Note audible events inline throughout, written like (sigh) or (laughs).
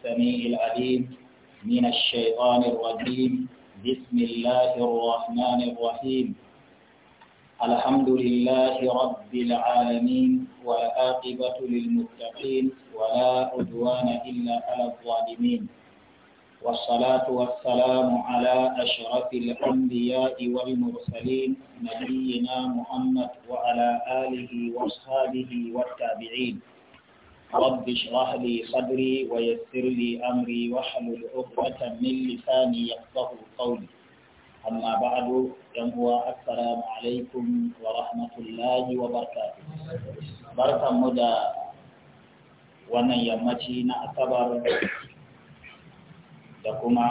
السميع العليم من الشيطان الرجيم بسم الله الرحمن الرحيم الحمد لله رب العالمين والعاقبة للمتقين ولا عدوان إلا على الظالمين والصلاة والسلام على أشرف الأنبياء والمرسلين نبينا محمد وعلى آله وأصحابه والتابعين رب اشرح لي صدري ويسر لي أمري واحلل عقدة من لساني يفقه قولي أما بعد هو السلام عليكم ورحمة الله وبركاته بركة مدى wannan yammaci na asabar da kuma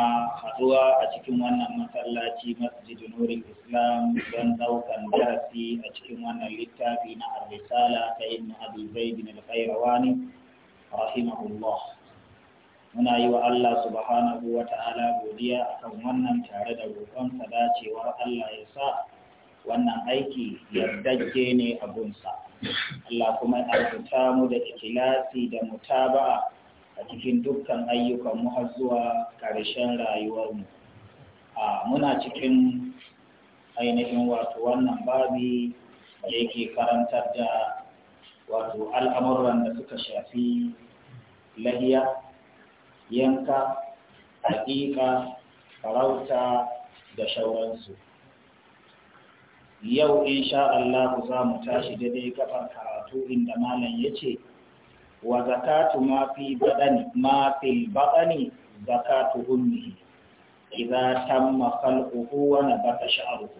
haɗuwa a cikin wannan masallaci masjid Nuri islam don ɗaukan darasi a cikin wannan littafi na arrisala ta ibn abi zaid bin al-khairawani rahimahullah muna yi wa Allah subhanahu wa ta'ala godiya akan wannan tare da roƙon sadacewar Allah ya sa wannan aiki ya yardajje ne abunsa Allah kuma ya mu da ikilasi da mutaba'a a cikin dukkan ayyukan mu har zuwa ƙarshen rayuwarmu a muna cikin ainihin wato wannan babi da yake karantar da wato al'amuran da suka shafi lahiya yanka haƙiƙa farauta da shauransu yau insha Allah za mu tashi daidai kafar karatu inda malam ya ce wa zakatu ma fi badani ma fil badani zakatu ummi idza tamma khalquhu wa nabata sha'ruhu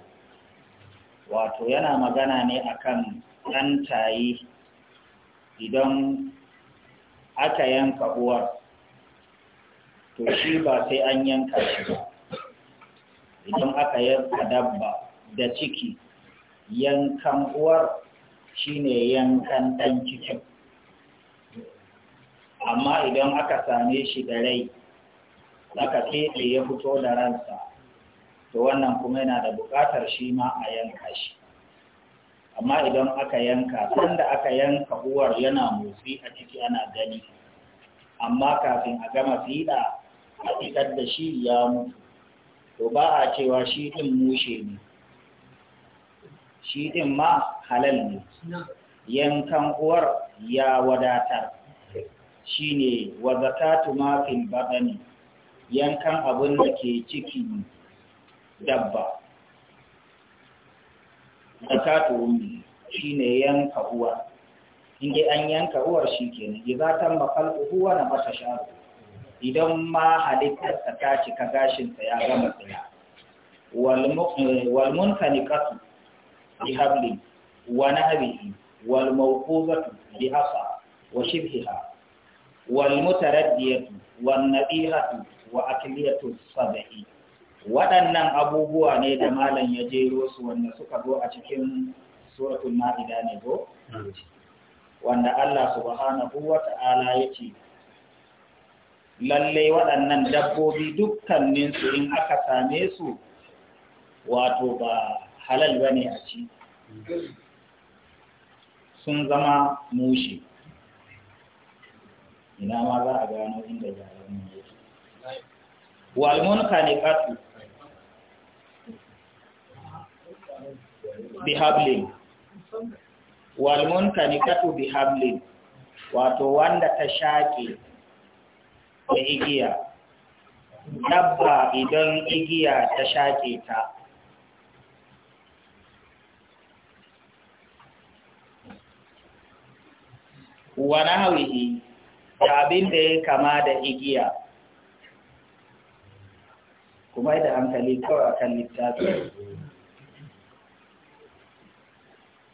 wato yana magana ne akan dan tayi idan aka yanka uwar to shi ba sai an yanka shi ba idan aka yanka dabba da ciki yankan uwar shine yankan dan cikin amma idan aka same shi da rai aka keɓe ya fito da ransa to wannan kuma yana da buƙatar shi ma a yanka shi amma idan aka yanka da aka yanka uwar yana motsi a ciki ana gani amma kafin a gama fiɗa a fitar da shi ya mutu to ba a cewa shi ɗin mushe ne shi ɗin ma halal ne yankan uwar ya wadatar ne wa zakatu ma baɗa ne, yankan abin da ke ciki, dabba zakatu shi ne yanka uwa in an yanka uwar shi ke kenan idza tamma mafal uwa na mata sharu idan ma halittar ta ta cika gashin ta ya gama tsaya Walmun wal eh, wal munkanikatu bi habli wa nahbihi wal zatu bi hasa wa shibhiha wal mutaraddiyatu wa akliyatu waɗannan abubuwa ne da malam ya jero su wanda suka zo a cikin suratul ma'ida ne go wanda Allah subhanahu wa ta'ala ya ce lalle waɗannan dabbobi dukkaninsu in aka same su wato ba halal bane a ci sun zama mushi ina ma za a gano inda wato wanda ta shaƙe da igiya dabba idan igiya ta shaƙe ta wani hauyi da abin da ya kama da igiya kuma da hankali kawai a kan littafi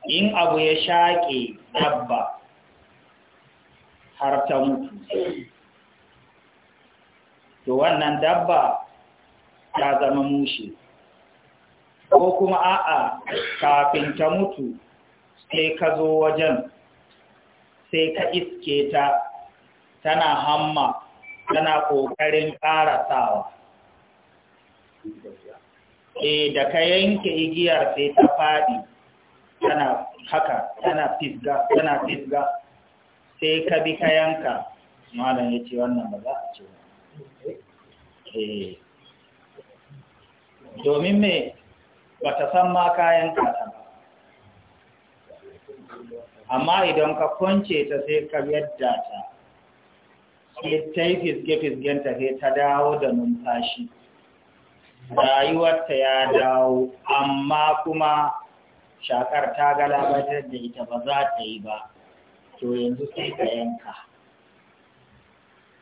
in abu ya shaƙe dabba har ta mutu to wannan dabba ta zama mushe ko kuma a'a kafin ta mutu sai ka zo wajen sai ka iske ta tana hamma tana ƙoƙarin ƙarasawa e da ka yanke igiyar sai ta faɗi tana haka tana fisga tana fisga sai ka bi ka yanka malam ya ce wannan ba za a ce e eh. domin me ba ta san ma kayan kata ba amma idan ka kwance ta sai ka yadda ta sai ta yi fiske-fiskenta sai ta dawo da numfashi rayuwarta ya dawo amma kuma shakar ta galabatar da ita ba za ta yi ba to yanzu sai ka yanka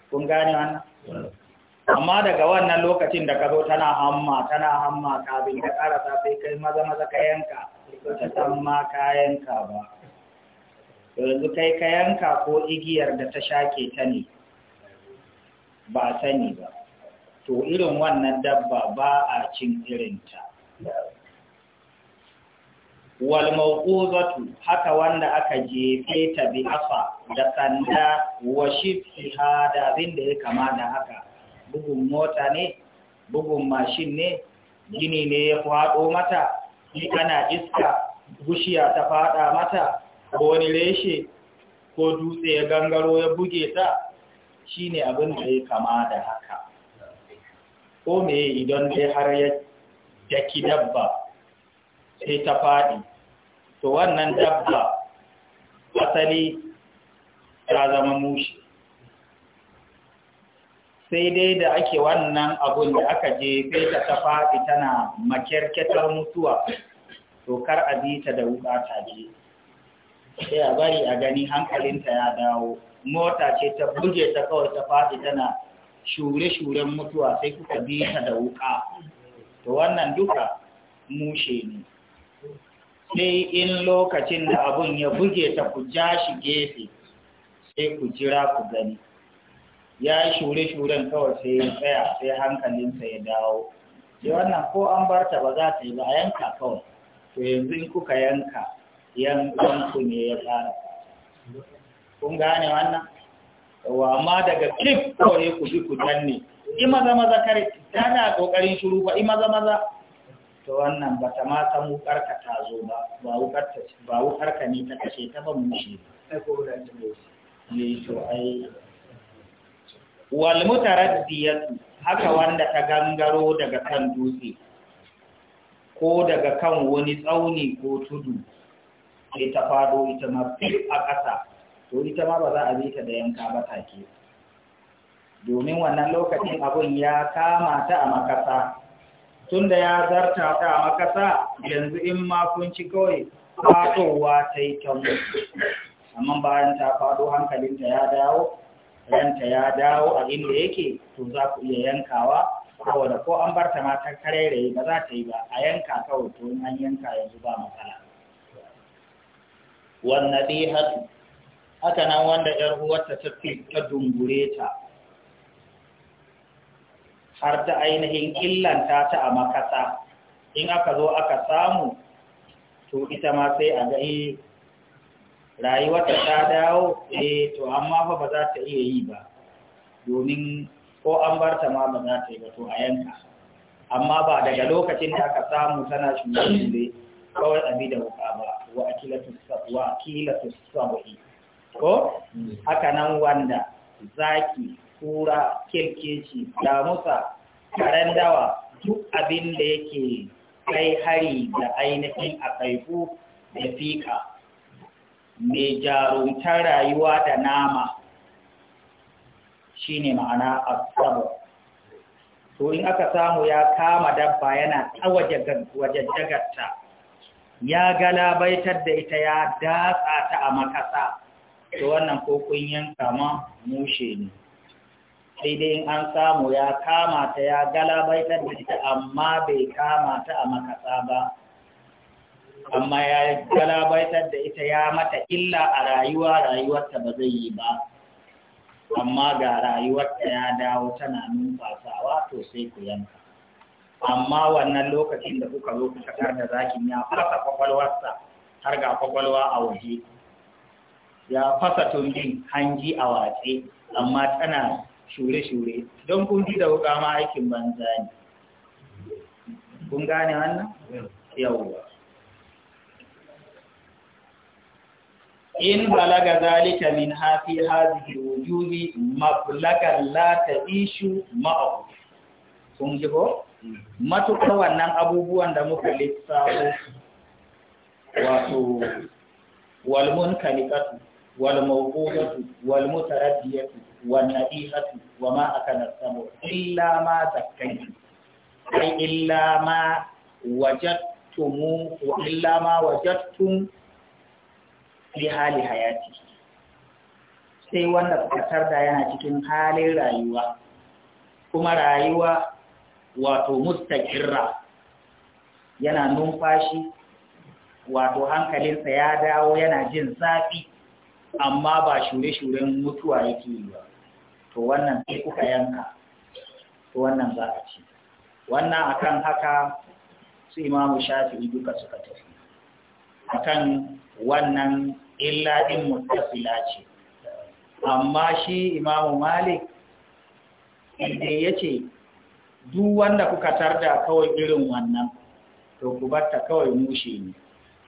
kun gane wannan amma daga wannan lokacin da ka zo tana hamma tana hamma kafin ka karasa sai kai maza maza ka yanka ta san ma ka yanka ba yanzu kai ka yanka ko igiyar da ta shake ta ne ba a sani ba to irin wannan dabba ba a cin irinta wal mawqudatu haka wanda aka jefe ta bi afa da sanda wa shibha hada da ya kamata haka bugun mota ne bugun mashin ne gini ne ya faɗo mata ni ana iska bushiya ta faɗa mata ko wani reshe ko dutse ya gangaro ya buge ta shine abin da ya kama da haka ko me idan dai har ya daki dabba sai ta faɗi to wannan dabba asali ta zama mushi sai dai da ake wannan abun da aka je sai ta ta faɗi tana makerketar mutuwa to kar a bi ta da wuka ta je sai a bari a gani hankalinta ya dawo mota ce ta buge ta kawai ta faɗi tana shure-shuren mutuwa sai kuka bi ta da wuka to wannan duka mushe ne sai in lokacin da abun ya buge ta ku ja shi gefe sai ku jira ku gani ya yi shure-shuren kawai sai ya tsaya sai hankalinsa ya dawo sai wannan ko an barta ba za ta yi ba a yanka kawai to yanzu in kuka yanka yankan ku ne ya fara kun gane wannan wa amma daga clip kore ku bi ku danne in maza maza kare tana kokarin shiru ba in maza maza to wannan ba ta ma san wukar ka ta zo ba ba wukar ta ba wukar ka ne ta kashe ta ba mu shi ai ko da ne eh, to ai wal mutaraddiyatu haka wanda ta gangaro daga kan dutse ko daga kan wani tsauni ko tudu sai ta fado ita ma a ƙasa to ita ma ba za a bi ta da yanka ba take domin wannan lokacin abun ya kama ta a makasa tun da ya zarta ta a makasa yanzu in ma kun ci kawai fatowa ta yi ta amma bayan ta faɗo hankalinta ya dawo ranta ya dawo a inda yake to za ku iya yankawa saboda ko an bar ta ma ta ba za ta yi ba a yanka kawai to an yanka yanzu ba matsala wannan dihatu haka nan wanda ‘yar uwarta ta dungure ta har ta ainihin illanta ta a makasa in aka zo aka samu to ita ma sai a ga rayuwarta ta dawo e to amma fa ba za ta iya yi ba domin ko an bar ta ma ba za ta yi ba to a yanka amma ba daga lokacin da aka samu tana shi ne kawai abi da wuka ba wa akilatus sabai ko haka nan wanda zaki kura kirkeci musa karen dawa duk abin da yake kai hari da ainihin a kaifu da fika mai jarumtar rayuwa da nama shine ma'ana sabo to in aka samu ya kama dabba yana tsawaje wajen ya galabaitar da ita ya datsa ta a makasa to wannan ko kun yanka ma mushe ne sai dai in an samu ya kama ta ya galabaitar da ita amma bai kama ta a makasa ba amma ya galabaitar da ita ya mata illa a rayuwa rayuwarta ba zai yi ba amma ga rayuwarta ya dawo tana numfasawa to sai ku yanka amma wannan lokacin da kuka zo kuka da zakin ya fasa kwakwalwarsa har ga kwakwalwa a waje ya fasa tundin hanji a watse amma tana shure-shure don kunji da wuka ma aikin banza ne kun gane wannan yawwa in balaga zalika min hafi hazihi wujuhi mablagan lata ishu ma'abu. kun ji ko matukar wannan abubuwan da muka lissa wato walmun kalikatu والموقوفة والمتردية والنبيهة وما أكل السمع إلا ما زكيتم أي إلا ما وجدتموه إلا ما وجدتم fi hali hayati sai wanda kasar da yana cikin halin rayuwa kuma rayuwa wato mustaqirra yana numfashi wato hankalinsa ya dawo yana jin zafi amma ba shure-shuren mutuwa yake yi ba to wannan sai kuka yanka to wannan za a ci wannan akan haka su imamu shafi'i duka suka tafi akan wannan illa din muttasila ce amma shi imamu malik inda ya ce duk wanda kuka tarda kawai irin wannan to ku batta kawai mushe ne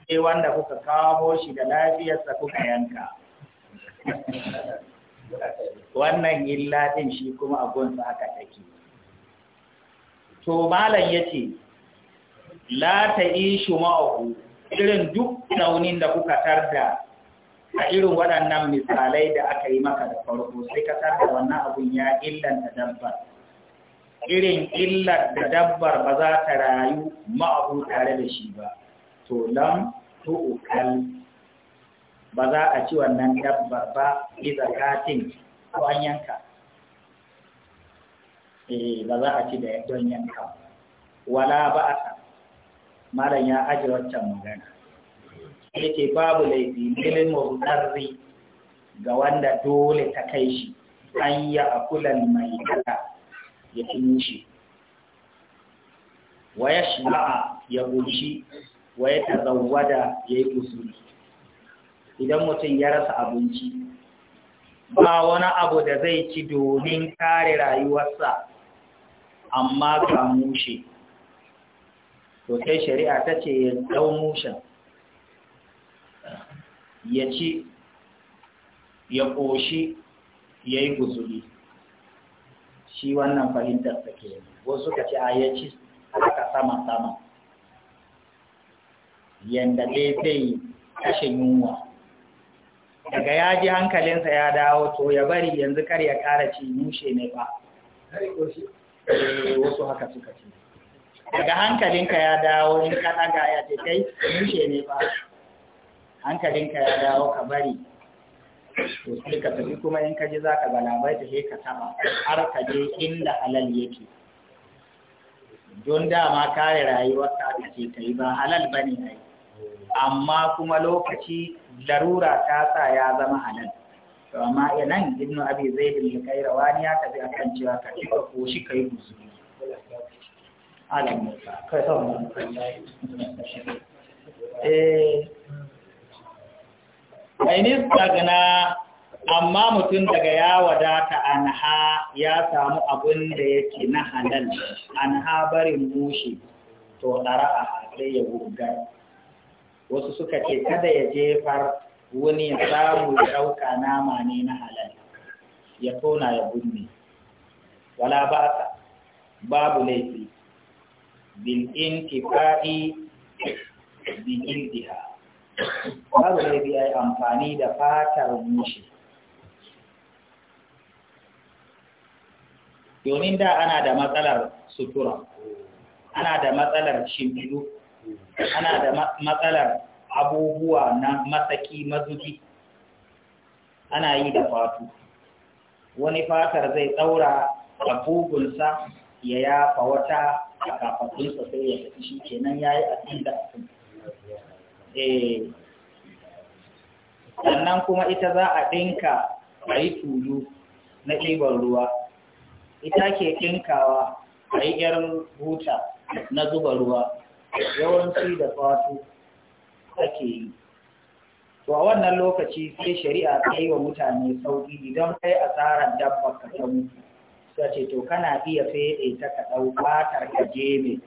sai wanda kuka kawo shi da lafiyarsa kuka yanka wannan illa din shi kuma a gonsa aka take to malam yace la ishi ma'ahu irin duk launin da kuka tarda a irin waɗannan misalai da aka yi maka da farko sai ka tarda wannan abun ya illanta dabbar irin illar da dabbar ba za ta rayu ma'ahu tare da shi ba to lam tu'ukal ba za a ci wannan dabbar ba bi zakatin ko an yanka eh ba za a ci da don yanka wala ba a malam ya aje wancan magana yake babu laifi lil mudarri ga wanda dole ta kai shi an ya akulan mai kala ya tunu shi waya ya ba ya gushi waya ta zawada ya yi usuli idan mutum ya rasa abinci ba wani abu da zai ci domin kare rayuwarsa amma ga mushe to sai shari'a ta ce ya dau mushen ya ci ya ƙoshi ya yi guzuri shi wannan fahimtar ta ke wasu ka ce a ya ci aka sama-sama yadda dai zai kashe yunwa daga ya ji hankalinsa ya dawo to ya bari yanzu kar ya ƙara ci mushe ne ba eh, wasu haka suka ce daga hankalinka ya dawo in ka ɗaga ya ce kai mushe ne ba hankalinka ya dawo ka bari to sai ka tafi kuma in ka ji za ka balabai ta sai ka taɓa har ka je inda halal yake don dama kare rayuwar ka ake kai ba halal ba ne kai. amma kuma lokaci larura ta sa ya zama halal to amma nan ibnu abi zaid bin kairawani ya tafi akan cewa ka tuka ko shi kai musulmi alam kai son eh daga na amma mutum daga ya wadata anha ya samu abin da yake na halal anha barin mushi to dara a sai ya gurgar wasu suka ce kada ya jefar wani ya samu ya ɗauka nama ne na halal ya tona ya bunne wala ba ka, babu laifi bil intifa'i bi diha. babu laifi yi amfani da fatar mushi domin da ana da matsalar sutura ana da matsalar shimfidu ana da matsalar abubuwa na masaki mazubi ana yi da fatu wani fatar zai tsaura a bugunsa ya yafa wata a kafafunsa sai ya tafi shi kenan ya yi abin da eh. sannan kuma ita za a ɗinka a yi tulu na ɗiban ruwa ita ke ɗinkawa a yi ƴar huta na zuba ruwa yawanci da fatu ake yi to a wannan lokaci sai shari'a ta yi wa mutane sauƙi idan kai asarar dabba ka ta mutu ce to kana iya fede ta ka ɗau fatar ka jeme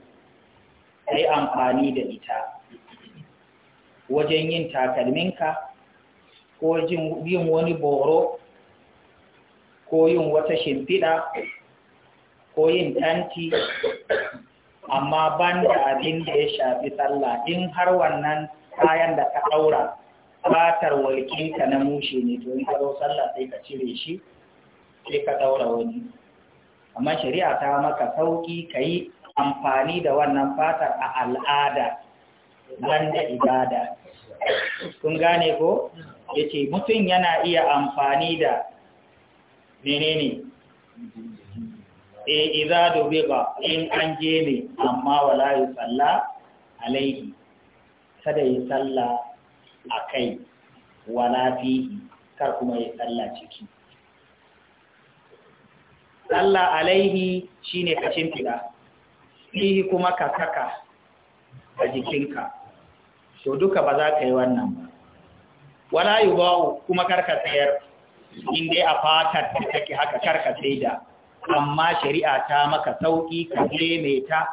kai amfani da ita wajen yin takalminka ko yin wani boro ko yin wata shimfiɗa ko yin tanti amma ban da abin da ya shafi sallah in har wannan kayan da ka ɗaura fatar walƙinka na mushe ne to in ka zo sallah sai ka cire shi sai ka ɗaura wani amma shari'a ta maka sauƙi ka yi amfani da wannan fatar a al'ada nan da ibada kun gane ko ya ce mutum yana iya amfani da menene e iza dubiga in an je ne amma wala yi salla alaihi kada yi salla a kai wala fihi kar kuma yi salla ciki Tsalla alaihi ne ka fiɗa fihi kuma ka saka a jikinka to duka ba za ka yi wannan ba wala yi ba kuma karka tsayar inda a fatar da take haka karka sai amma shari'a ta maka sauƙi ka mai ta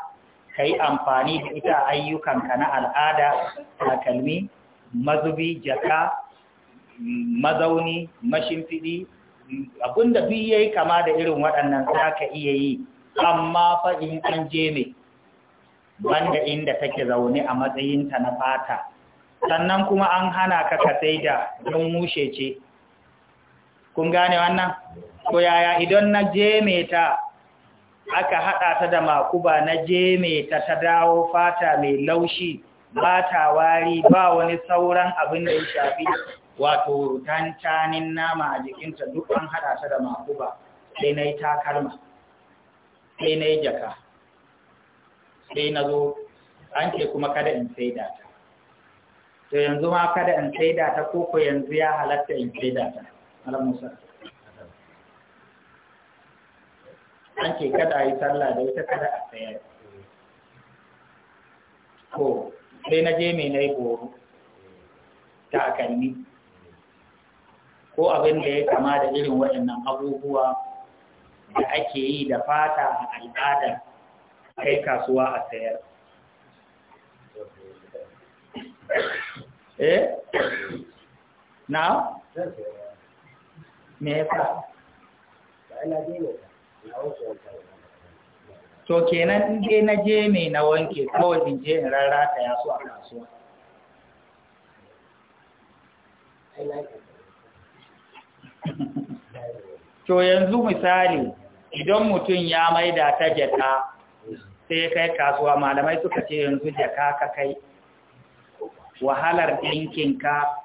ka yi amfani da ita ayyukan ka na al'ada takalmi mazubi jaka mazauni mashimfiɗi abinda duk ya yi kama da irin waɗannan za ka iya yi amma faɗin an je me. banda inda take zaune a matsayinta na fata sannan kuma an hana ka ka sai da don mushe ce kun gane wannan ko yaya idan na jeme aka haɗa ta da makuba na jemeta ta dawo fata mai laushi ba ta wari ba wani sauran abin da ya shafi wato tantanin nama a jikinta duk an hada ta da makuba sai na yi takalma sai na yi jaka sai na zo an ce kuma kada in saida ta to yanzu ma kada in saida ta ko yanzu ya halatta in saida ta ala musa an ke kada yi sallah da ita kada a tsaye ko sai na je mai na yi goro takalmi ko abin da ya kama da irin waɗannan abubuwa da ake yi da fata a al'adar kai kasuwa a sayar. Eh? Na? me yasa to kenan je na je ne na wanke kawai in je in rarrata ya so a kasuwa (laughs) to yanzu misali idan mutum ya maida ta jaka sai kai kasuwa malamai suka ce yanzu jaka ka kai wahalar ɗinkin ka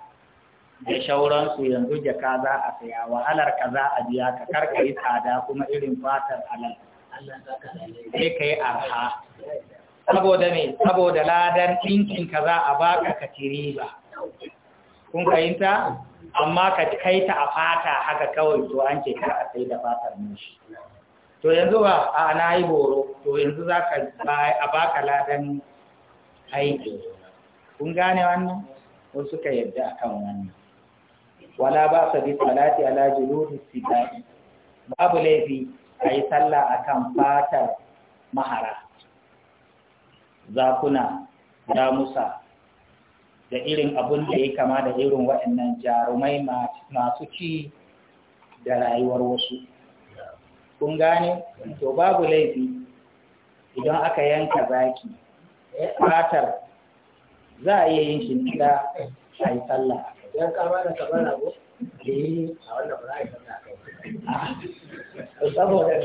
da shauransu yanzu jaka za a saya wahalar ka za a biya ka karka yi tsada kuma irin fatar halal sai ka yi arha saboda me saboda ladan ɗinkin ka za a baka ka ci ba. kun fahimta amma ka kai ta a fata haka kawai to an ce kar a sai da fatar mishi to yanzu ba a na yi boro. to yanzu za ka a baka ladan aiki kun gane wannan ko suka yadda akan wannan wala ba sa bi salati ala juludi sibai babu laifi a yi sallah akan fatar mahara zakuna damusa da irin abun da ya kama da irin waɗannan jarumai masu ci da rayuwar wasu kun gane to babu laifi idan aka yanka zaki eh, fatar za a iya yin shi da a yi sallah yan kama da kamar rago eh a wannan ba za a yi sallah kai saboda ne.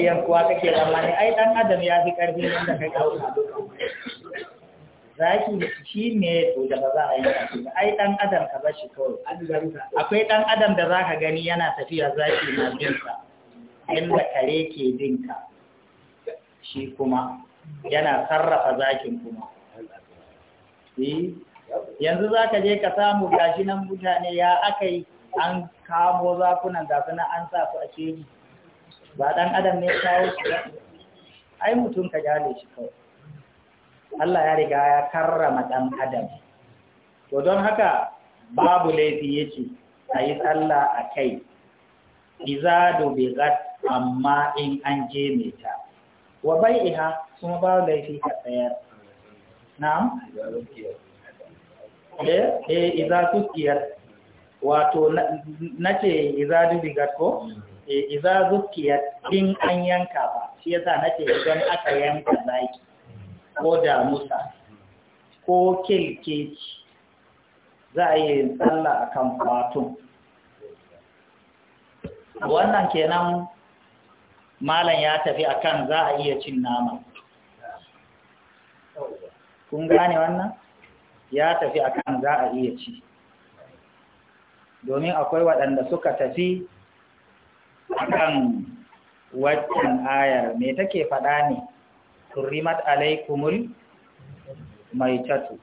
yan kuwa kake zamani ai dan adam ya fi karfi wanda kai kawo zaki shi ne to da ba za a yi ba ai dan adam ka bashi kawai akwai dan adam da zaka gani yana tafiya zaki na bin sa inda kare ke bin ka shi kuma yana sarrafa zakin kuma eh? yanzu za ka je ka samu gashi nan mutane ya aka yi an kamo zakunan da suna an sa su a keji ba ɗan adam ne kawo su ba ai mutum ka gyale shi kawai Allah ya riga ya karrama ɗan adam to don haka babu laifi yace a yi tsalla a kai iza dobe gat amma in an je mai ta wa bai iha kuma babu laifi ka tsayar na'am e eh, iza eh, idza zukiyat wato nace idza dubigat ko E idza zukiyat din an yanka ba shi yasa nace idan aka yanka zaki ko da musa ko kilkeci za a yi tsalla a kan wannan kenan malam ya tafi akan za a iya cin nama kun gane wannan ya tafi akan za a iya ci domin akwai waɗanda suka tafi akan waccan ayar me take faɗa ne turimat alaikumul mai tatu.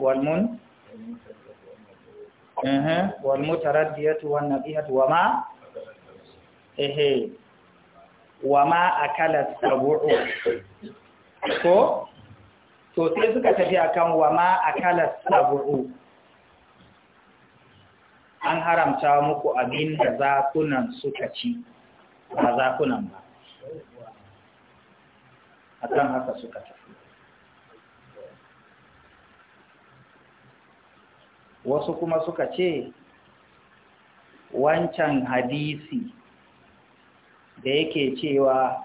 walmun walmutaraddiyatu wannan wa ma ehe wa ma akala sabu'u ko to sai suka tafi akan wa ma akala sabu'u an haramta muku abin da zakunan suka ci ba zakunan ba akan haka suka tafi wasu kuma suka ce wancan hadisi da yake cewa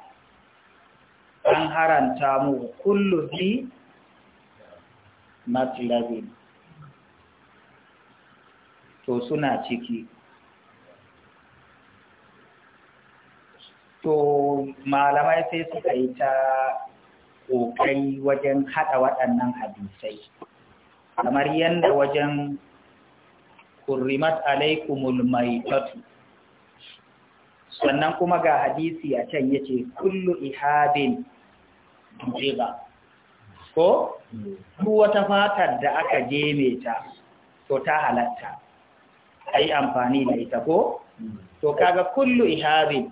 an haranta mu kullu zi matlabin to suna ciki to malamai sai suka yi ta ƙoƙari wajen haɗa waɗannan hadisai kamar yadda wajen kurrimat alaikumul maitatu sannan kuma ga hadisi a can yace kullu ihabin jiba ko duk wata fatar da aka jeme ta to ta halatta ai amfani da ita ko to kaga kullu ihabin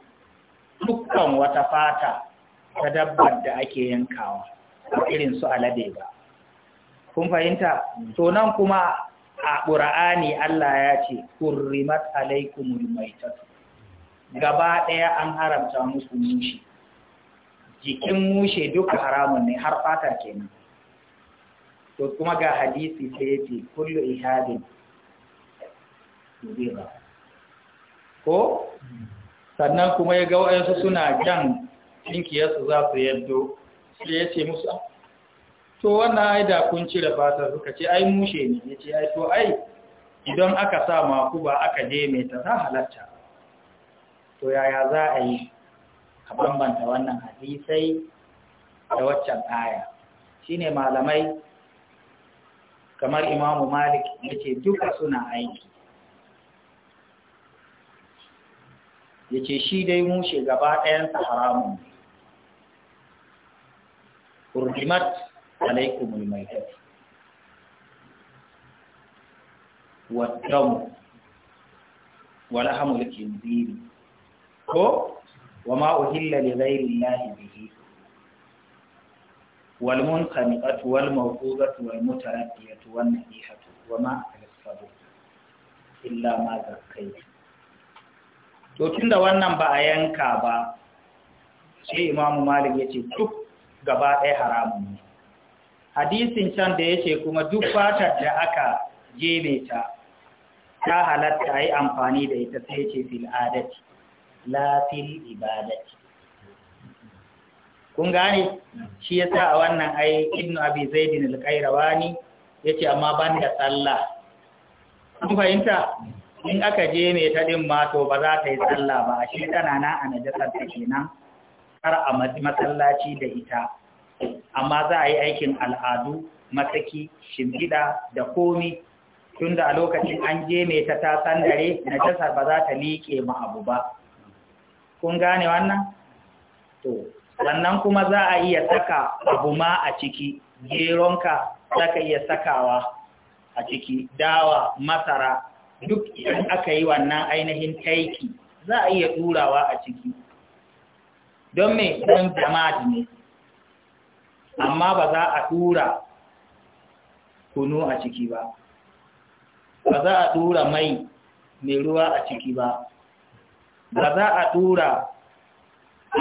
dukkan wata fata ta dabbar da ake yankawa a irin su alade ba kun fahimta to nan kuma a ƙura'ani Allah ya ce hurrimat alaikumul maitatu gaba ɗaya an haramta musu mushe jikin mushe duka haramun ne har fata kenan to kuma ga hadisi sai yace kullu ihadin zira ko sannan kuma ya ga wayansu suna jan cinkiyarsu za su yaddo sai ya ce musu to wannan ai da kun cire fatar suka ce ai mushe ne ya ce ai to ai idan aka sa maku ba aka je mai ta za halatta to yaya za a yi a bambanta wannan hadisai da waccan aya shine malamai kamar imamu malik yace duka suna aiki yace shi dai mu shi gaba ɗayan haramun hurrimat alaikumul maitat wa damu wa lahamul khinziri ko wa ma uhilla li ghairi llahi bihi wal munqaniqatu wal mawqudatu wal mutaraddiyatu wan nadihatu wa ma al-sabu illa ma zakkaytu to tunda wannan ba a yanka ba sai imamu malik yace duk gaba ɗaya haramun ne hadisin can da yace kuma duk fatar da aka jebe ta ta halatta a yi amfani da ita sai ce fil adati Lafin ibadati kun gane shi sa a wannan ai ibnu abi zaidin al ya yace amma ban da sallah kun fahimta in aka je mai ta din ma ba za ta yi sallah ba shi tana na a najasar ta kenan har a masallaci da ita amma za a yi aikin al'adu matsaki shimfiɗa da komi tunda a lokacin an je mai ta ta sandare najasar ba za ta liƙe ma abu ba kun gane wannan to sannan kuma za a iya saka abu ma a ciki geronka za ka iya sakawa a ciki dawa masara duk idan aka yi wannan ainihin taiki za a iya turawa a ciki don mai don jama'a ne amma ba za a tura kunu a ciki ba ba za a tura mai mai ruwa a ciki ba ba za a tura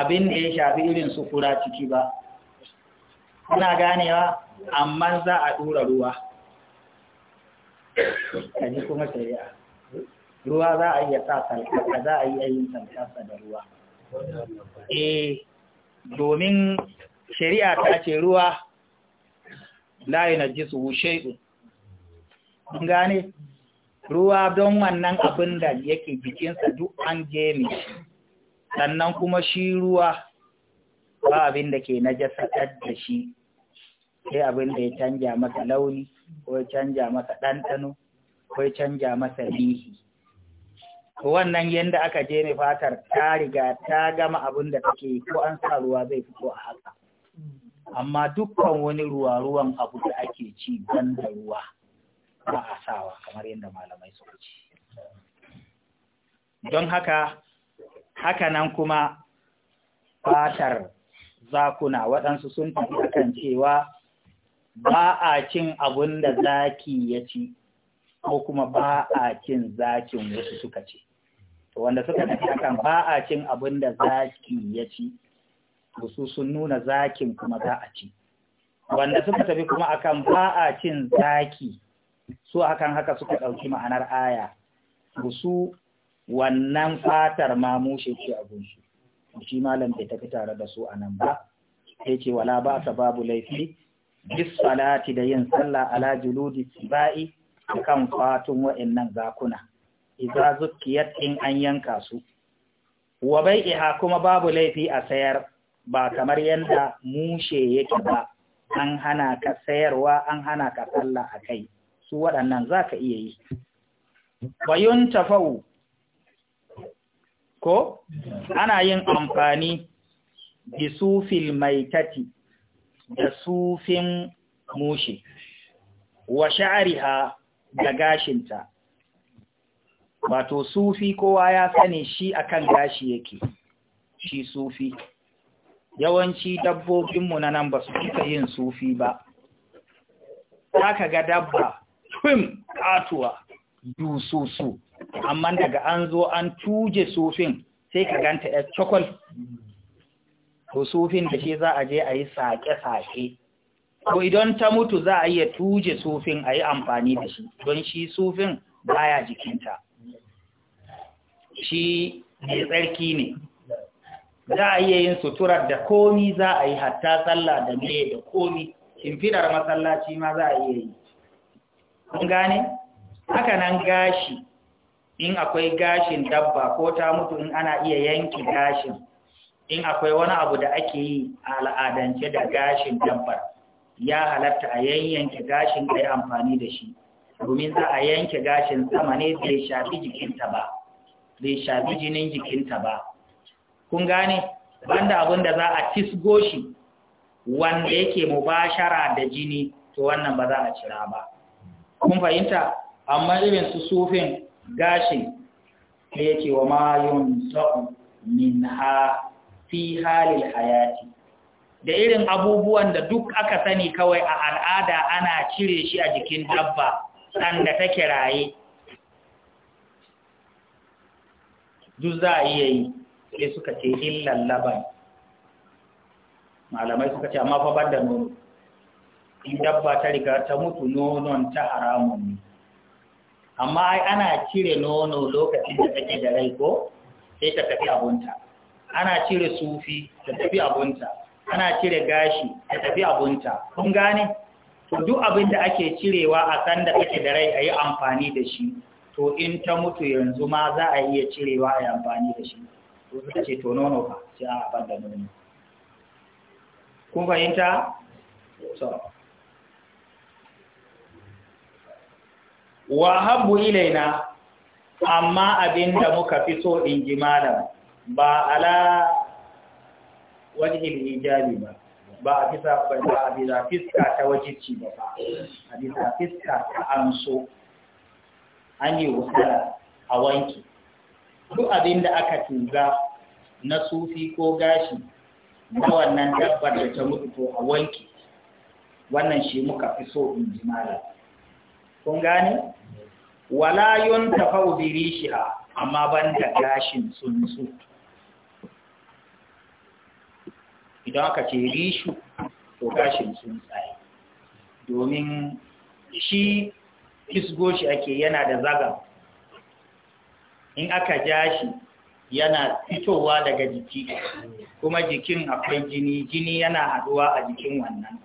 abin da ya shafi irin su kura ciki ba kuna ganewa amma za a tura ruwa kuma shari'a ruwa za a iya sa salkasa za a yi yin salkasa da ruwa eh domin shari'a ta ce ruwa ji su jisu shaidu gane ruwa don wannan abin da yake jikinsa duk an gemi sannan kuma shi ruwa ba abin da ke na jasadar da shi sai abin da ya canja masa launi ko ya canja masa ɗanɗano ko ya canja masa rihi wannan yadda aka je fatar ta riga ta gama abin da take ko an sa ruwa zai fito a haka amma dukkan wani ruwa ruwan abu da ake ci ban da ruwa ba a sawa kamar yadda malamai suka ce don haka haka nan kuma fatar zakuna waɗansu sun tafi akan cewa ba a cin abun da zaki ya ci ko kuma ba a cin zakin wasu suka ce wanda suka tafi kan ba a cin abun da zaki ya ci wasu sun nuna zakin kuma za a ci wanda suka tafi kuma akan ba a cin zaki su hakan haka suka ɗauki ma'anar aya su wannan fatar ma mushe ce a gunshi shi malam bai tafi tare da su a nan ba sai ce wala ba ta babu laifi bis salati da yin sallah ala juludi sibai kan fatun wa'annan zakuna idza zukiyat in an yanka su wa bai'iha kuma babu laifi a sayar ba kamar yanda mushe yake ba an hana ka sayarwa an hana ka sallah a kai. su waɗannan za ka iya yi Bayon tafau ko ana yin amfani da mai tati da sufin mushe wa sha'riha da gashinta wato sufi kowa ya sani shi akan gashi yake shi sufi yawanci dabbobinmu na nan ba su fita yin sufi ba za ka ga dabba swim katuwa dususu amma daga an zo an tuje sufin sai ka ganta ya cokol to sufin da shi za a je a yi sake-sake ko idan ta mutu za a iya tuje sufin a yi amfani da shi don shi sufin baya jikinta shi mai tsarki ne za a iya yin suturar da komi za a yi hatta sallah, da me da komi shimfidar masallaci ma za a iya yi kun gane haka nan gashi in akwai gashin dabba ko ta mutu in ana iya yanki gashin in akwai wani abu da ake yi a al'adance da gashin dabbar ya halatta a yanyanke gashin da ya amfani da shi domin za a yanke gashin sama ne bai shafi jikinta ba zai shafi jinin jikinta ba kun gane banda abin da za a tisgo shi wanda yake mubashara da jini to wannan ba za a cira ba kun fahimta amma irin su sufin gashin da yake wa mayun sa'un min ha fi halil hayati da irin abubuwan da duk aka sani kawai a al'ada ana cire shi a jikin dabba sanda take raye duk za a iya yi sai suka ce illan laban malamai suka ce amma fa ban da nono in dabba ta riga ta mutu nonon ta haramun ne amma ai ana cire nono lokacin da take da rai ko sai ta tafi abunta ana cire sufi ta tafi abunta ana cire gashi ta tafi abunta kun gane to duk abin da ake cirewa a san da take da rai a yi amfani da shi to in ta mutu yanzu ma za a iya cirewa a yi amfani da shi to suka ce to nono ba sai a ban da nono kun fahimta? so wa Habu ilaina amma abinda muka fi so in ji malam ba ala wajhil hijabi ba ba a fisa ba a bisa fiska ta wajici ba ba a bisa fiska ta amso an yi wasala a wanki duk abinda aka tuga na sufi ko gashi na wannan dabbar da ta mutu a wanki wannan shi muka fi so in ji malam kun gane wala yuntafa'u bi rishiha amma ban da gashin tsuntsu idan aka ce rishu to gashin tsaye domin shi kisgo shi ake yana da zaga in aka ja shi yana fitowa daga jiki kuma jikin akwai jini jini yana haduwa a jikin wannan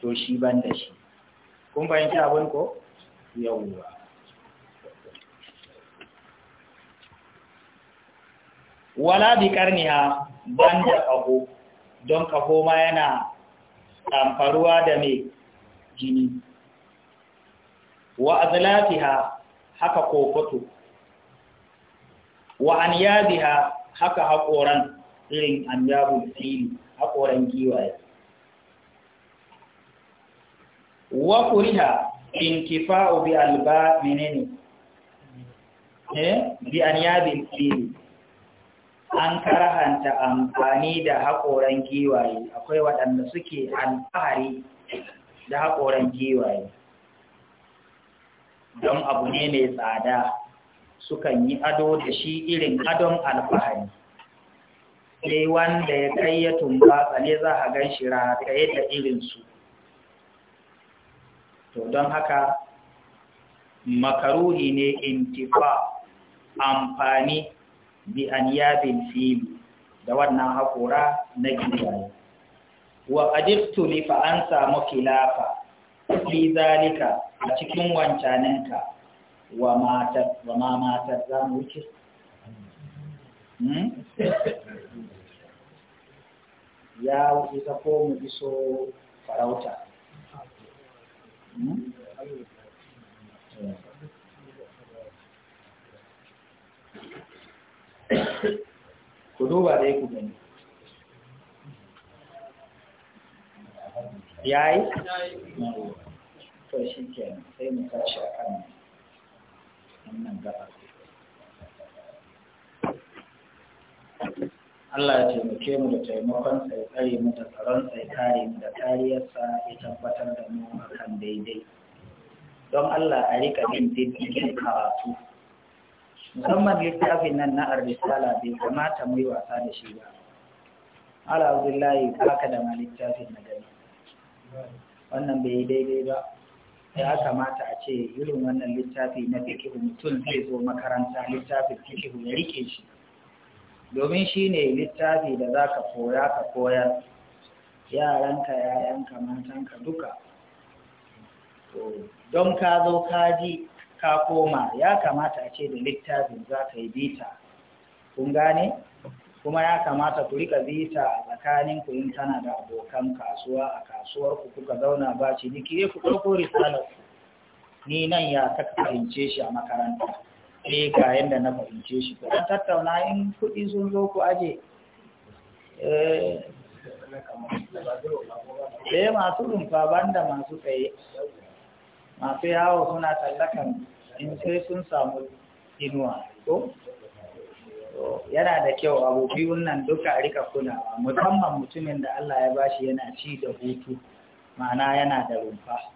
to shi ban da shi kun fahimci abin ko yawwa wala bi karniha ban da kaho don kaho ma yana tamfaruwa da mai jini wa azlatiha haka kokoto wa an haka haƙoran irin an yabu fili haƙoran giwaye wa kuriha intifa'u bi alba menene eh bi an yabi fili an karahanta amfani da haƙoran giwaye akwai waɗanda suke alfahari da haƙoran giwaye don abu ne mai tsada sukan yi ado da shi irin adon alfahari sai wanda ya kai ya tumba tsale za a gan shi rataye da irinsu to don haka makaruhi ne intifa amfani bi an yabin fili da wannan haƙura na gidaye wa qadittu li an samu filafa fi zalika a cikin wancaninka wa matar wa ma matar za mu wuce hmm? ya wuce ko mu iso farauta ku duba dai ku gani shi kenan sai mu Thank you. Allah ya taimake mu da taimakon sai tsare mu da tsaron sai kare mu da kariyarsa ya tabbatar da mu akan daidai don Allah a rika bin diddigin karatu musamman littafin nan na arrisala bai kamata mu yi wasa da shi ba ala abdullahi baka da littafin na gani wannan bai yi daidai ba ya kamata a ce irin wannan littafi na fikihu mutum zai zo makaranta littafin fikihu ya rike shi domin shi ne littafi da za ka koya ka koyar yaranka yayanka matanka duka don ka zo ka ji ka koma ya kamata a ce da littafin za ka yi bita kun gane kuma ya kamata ku rika bita a tsakanin ku in kana da abokan kasuwa a kasuwar ku kuka zauna ba ciniki eh, ku ɗauko risalar ni nan ya ta fahimce shi a makaranta eh kayan da na fahimce shi ko tattauna in kuɗi sun zo ku aje eh eh masu rumfa banda masu tsaye masu yawo suna tallakan in sai sun samu inuwa ko yana da kyau abu biyun nan duka a rika kulawa musamman mutumin da Allah ya bashi yana ci da hutu ma'ana yana da rumfa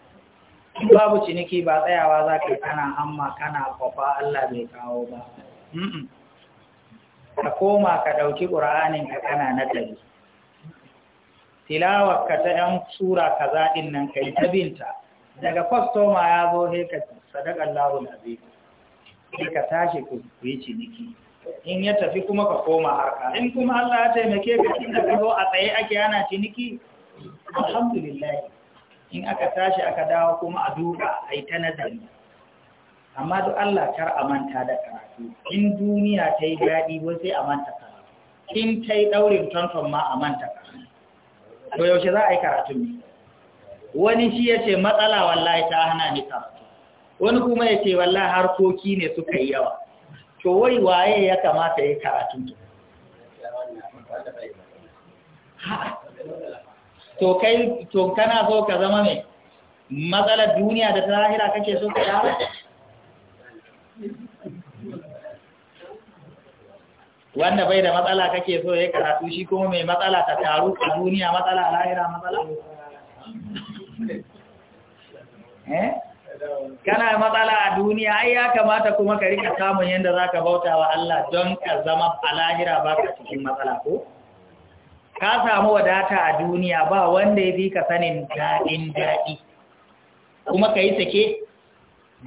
babu ciniki ba tsayawa za ka kana amma kana kwafa Allah bai kawo ba ka koma ka ɗauki ƙura'anin ka kana ɗari. Tilawa ka ta ‘yan sura ka zaɗin nan ka yi tabinta daga kwastoma ya zo he ka sadakar lahun azizu he ka tashi ku yi ciniki in ya tafi kuma ka koma harka in kuma Allah ya taimake ka inda ka zo a tsaye ake ana ciniki alhamdulillah in aka tashi aka dawo kuma a duba a yi ta nazari amma duk Allah kar a manta da karatu in duniya ta yi daɗi wai sai a manta karatu in ta yi ɗaurin tonton ma a manta karatu to yaushe za a yi karatu ne wani shi ya ce matsala wallahi ta hana ni karatu wani kuma ya ce wallahi harkoki ne suka yi yawa to wai waye ya kamata ya yi karatun to to kai to kana so ka zama mai matsalar duniya da ta lahira kake so ka yara wanda bai da matsala kake so ya karatu shi kuma mai matsala ta taru a duniya matsala a lahira matsala eh? kana matsala a duniya ai ya kamata kuma ka rika samun yadda za ka bauta wa Allah don ka zama a lahira ba ka cikin matsala ko? ka samu wadata a duniya ba wanda ya fi ka sanin daɗin daɗi kuma ka yi sake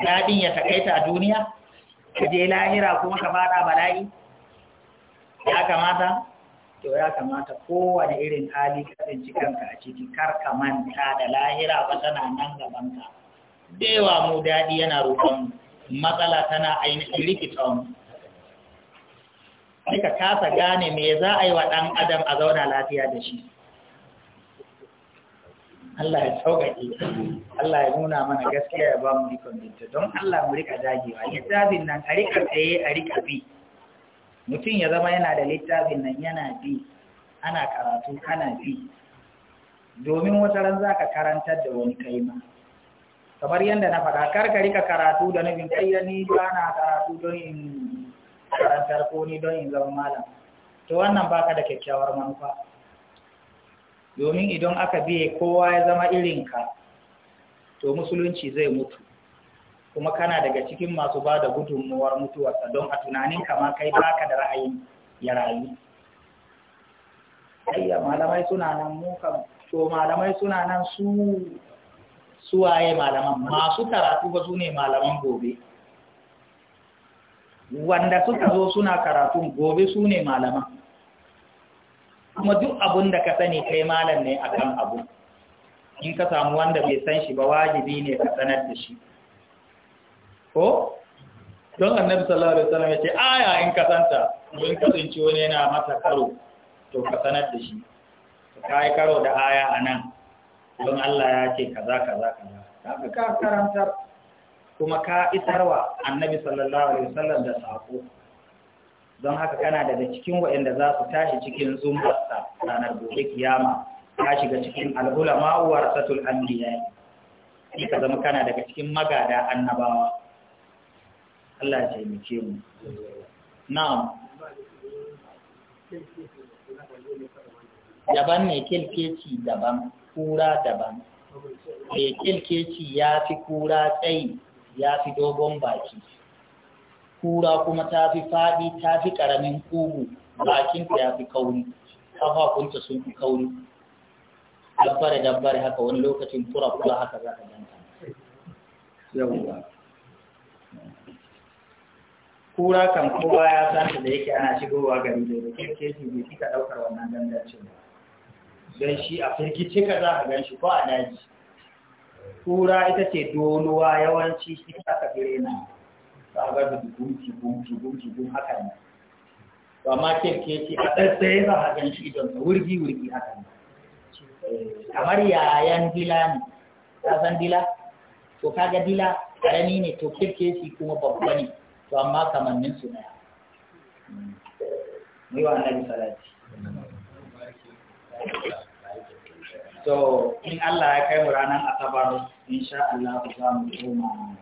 daɗin ya takaita a duniya ka je lahira kuma ka faɗa bala'i ya kamata to ya kamata kowane irin hali ka tsinci kanka a ciki kar ka manta da lahira ba tana nan gabanka da yawa mu daɗi yana roƙon matsala tana ainihin rikitan Sai ka kasa gane me za a yi wa ɗan adam a zauna lafiya da shi Allah ya sauƙaƙe Allah ya nuna mana gaskiya ya ba mu rikon dinta don Allah mu rika dagewa littafin nan a rika tsaye a rika bi mutum ya zama yana da littafin nan yana bi ana karatu ana bi domin wata ran za ka karantar da wani kaima kamar yadda na faɗa kar ka rika karatu da nufin kai ni ba na karatu don in karantar ko ni don in zama malam to wannan baka da kyakkyawar manufa domin idan aka biye kowa ya zama irin ka, to musulunci zai mutu kuma kana daga cikin masu ba da gudunmuwar mutuwarsa don a tunaninka ma kai baka da ra'ayin ya rayu ayya malamai suna nan muka to malamai suna nan su suwaye malaman masu karatu ba su ne malaman gobe wanda suka zo suna karatun gobe su ne malama kuma duk abin da ka sani kai malam ne akan abu in ka samu wanda bai san shi ba wajibi ne ka sanar da shi ko don annabi sallallahu alaihi wasallam ce aya in ka santa in ka tsinci wani yana mata karo to ka sanar da shi ka yi karo da aya nan, don Allah ya ce kaza kaza kaza ka ka kuma ka isarwa annabi sallallahu alaihi wasallam da sako don haka kana daga cikin waɗanda za su tashi cikin zumbarsa ranar gobe kiyama ka shiga cikin al'ulama warasatul anbiya ne ka zama kana daga cikin magada annabawa Allah ya taimake mu na'am daban ne kilkeci daban kura daban Me eh, kilkeci ya fi kura tsayi ya fi dogon baki kura kuma ta fi faɗi ta fi ƙaramin kugu bakinta ya fi kauri ƙafafunta sun fi kauri dabbare dabbare haka wani lokacin kura kura haka za ka danta kura kan kowa ya santa da yake ana shigowa gari da yake keji bai ka ɗaukar wannan dandacin ba don shi a firgice ka za a gan shi ko a daji tura ita ce doluwa yawanci shi aka gire na tsagar da gumci gumci gumci gum haka ne to amma ce a tsaye za a gan shi don wurgi wurgi haka ne eh, kamar yayan dila ne ta san dila to kaga dila karami ne to shi kuma babba ne to amma kamannin su na yi hmm. wa annabi salati to in Allah ya kai mu ranar asabar insha Allah za mu koma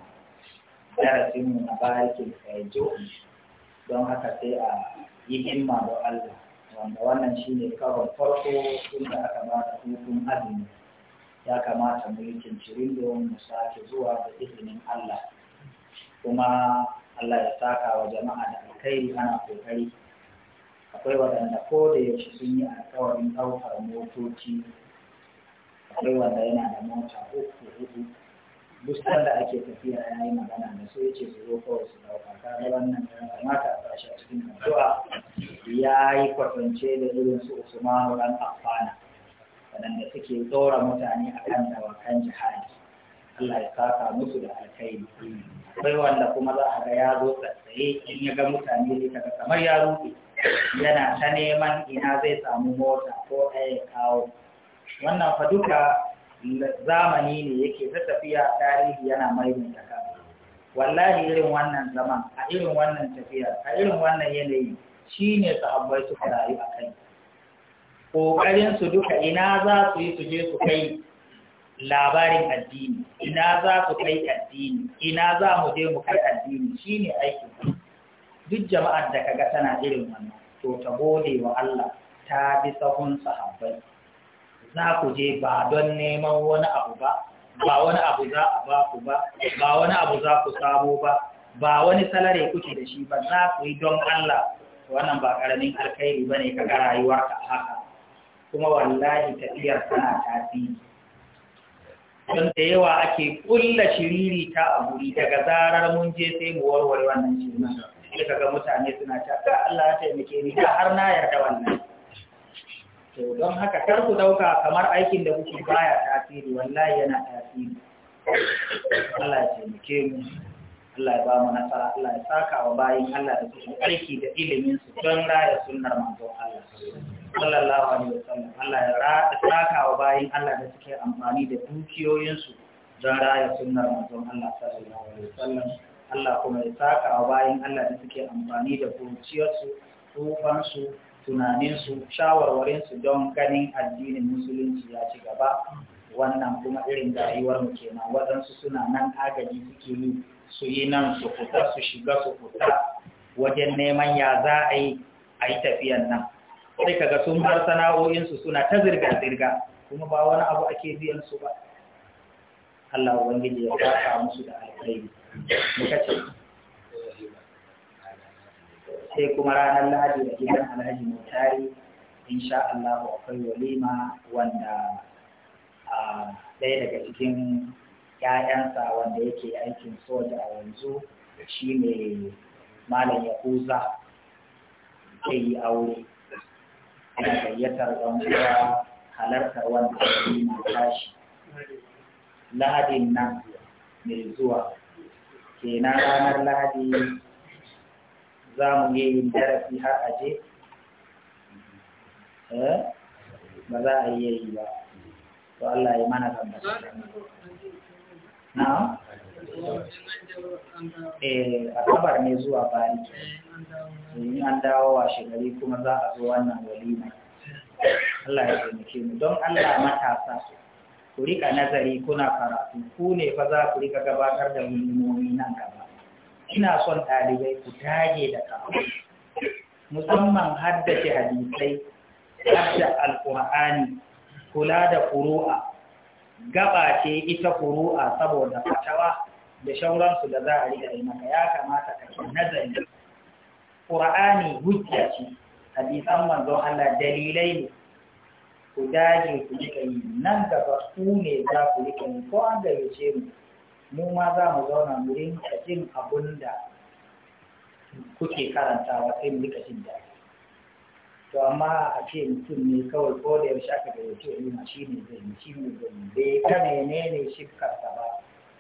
darasin mu na baya ke kai jo don haka sai a yi himma da Allah wanda wannan shine karon farko inda aka ba da hutun azumi ya kamata mu yi da mu sake zuwa da izinin Allah kuma Allah ya saka wa jama'a da alkhairi ana kokari akwai waɗanda ko da yaushe sun yi alkawarin ɗaukar motoci akwai wanda yana da mota uku hudu duk da ake tafiya ya yi magana da su yace su zo kawai su dauka kaga wannan ya kamata a tashi a cikin addu'a ya yi kwatance da irin su Usmanu dan Affana waɗanda suke tsora mutane a kan dawakan jihadi Allah ya saka musu da alkhairi akwai wanda kuma za a ga ya zo tsaye in ya ga mutane ne kaga kamar ya rufe yana ta neman ina zai samu mota ko ɗaya kawo wannan fa duka zamani ne yake ta tafiya tarihi yana ta kansa wallahi irin wannan zaman a irin wannan tafiya a irin wannan yanayi shine sahabbai suka rayu a kai Ƙoƙarinsu duka ina za su yi su su kai labarin addini ina za su kai addini ina za mu je mu kai addini Shi ne aikin duk jama'ar da kaga tana irin wannan to ta gode wa Allah ta bi sahun sahabbai za ku je ba don neman wani abu ba ba wani abu za a ba ku ba ba wani abu za ku samu ba ba wani salare kuke da shi ba za ku yi don Allah wannan ba ƙaramin karamin ba ne ka ga rayuwarka haka kuma wallahi tafiyar tana tasiri. don da yawa ake ƙulla shiriri ta a guri daga zarar mun je sai mu warware wannan Jirgin sai ga mutane suna ta Allah ya taimake ni har na yarda wannan to don haka kar ku dauka kamar aikin da kuke baya tasiri wallahi yana tasiri Allah ya taimake mu Allah ya ba mu nasara Allah ya saka wa bayin Allah da suke aiki da ilimin su don raya sunnar manzo Allah sallallahu alaihi wasallam Allah ya saka wa bayin Allah da suke amfani da dukiyoyin su don raya sunnar manzo Allah sallallahu alaihi wasallam Allah kuma ya saka wa bayin Allah da suke amfani da kurciyar su tufan su tunaninsu shawarwarinsu don ganin addinin musulunci ya ci gaba wannan kuma irin rayuwar mu kenan Wadansu suna nan agaji suke yi su yi nan su fita su shiga su fita wajen neman ya za a yi a yi tafiyan nan sai kaga sun bar sana'o'insu suna ta zirga-zirga kuma ba wani abu ake biyan su ba Allah ubangiji ya kafa musu da alkhairi muka ce sai kuma ranar lahadi da gidan alhaji in insha Allah akwai walima wanda ɗaya daga cikin ‘ya'yansa wanda yake aikin soja a yanzu shi ne malam yahuza ke yi aure da gayyatar ɗan'uwa halartar wanda walima tashi lahadin nan mai zuwa Ke na ranar lahadi za mu iya yin darasi har a je eh? iya yi to Allah ya mana tabbata na eh asabar ne zuwa bari in an dawo wa shigari kuma za a zo wannan walima Allah ya taimake mu don Allah matasa ku rika nazari kuna karatu ku ne fa za ku rika gabatar da hulmomi nan gaba ina son ɗalibai ku dage da kama musamman haddace hadisai hadda alƙur'ani kula da ƙuru'a gaba ce ita ƙuru'a saboda fatawa da shauransu da za a riƙa da maka ya kamata ka ke nazari ƙur'ani hujja ce hadisan manzon Allah dalilai ne ku dage ku rika yi nan gaba ku ne za ku rika yi ko an gayyace mu mu ma za mu zauna mu rinka jin abun da kuke karantawa sai mu rika jin daɗi to amma a ce mutum ne kawai ko da yaushe aka ga yace ina shi ne zai yi shi ne zai yi bai ka menene ka ba ba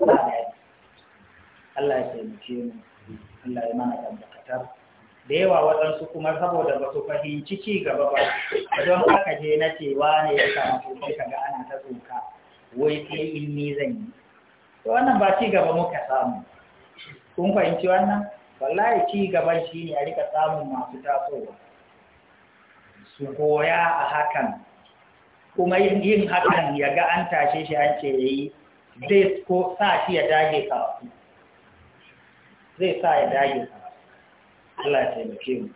daɗi Allah ya taimake mu Allah ya mana dangantakar da yawa waɗansu kuma saboda ba su fahimci ci gaba ba don aka je na cewa ne ya samu sosai ga ana ta tsoka wai sai in ni zan yi to wannan ba ci gaba muka samu kun fahimci wannan wallahi ci gaban shi ne a rika samun masu tasowa su koya a hakan kuma yin hakan ya ga an tashe shi an ce ya yi zai ko sa shi ya dage karatu zai sa ya dage karatu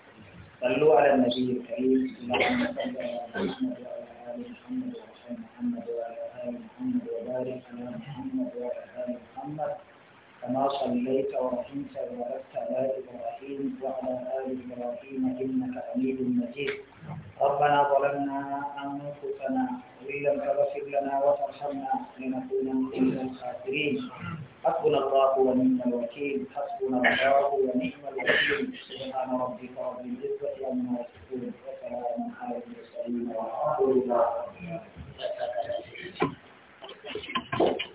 Allah ya taimake mu sallu ala Muhammad wa ala ali Muhammad wa ala ali Muhammad wa barik ala Muhammad wa ala محمد كما صليت ورحمت وبركت على إبراهيم وعلى آل إبراهيم إنك حميد مجيد ربنا ظلمنا أنفسنا وإن لم تغفر لنا وترحمنا لنكونن من الخاسرين حسبنا الله ونعم الوكيل حسبنا الله ونعم الوكيل سبحان ربك رب العزة عما يصفون وسلام على المرسلين والحمد لله Thank you.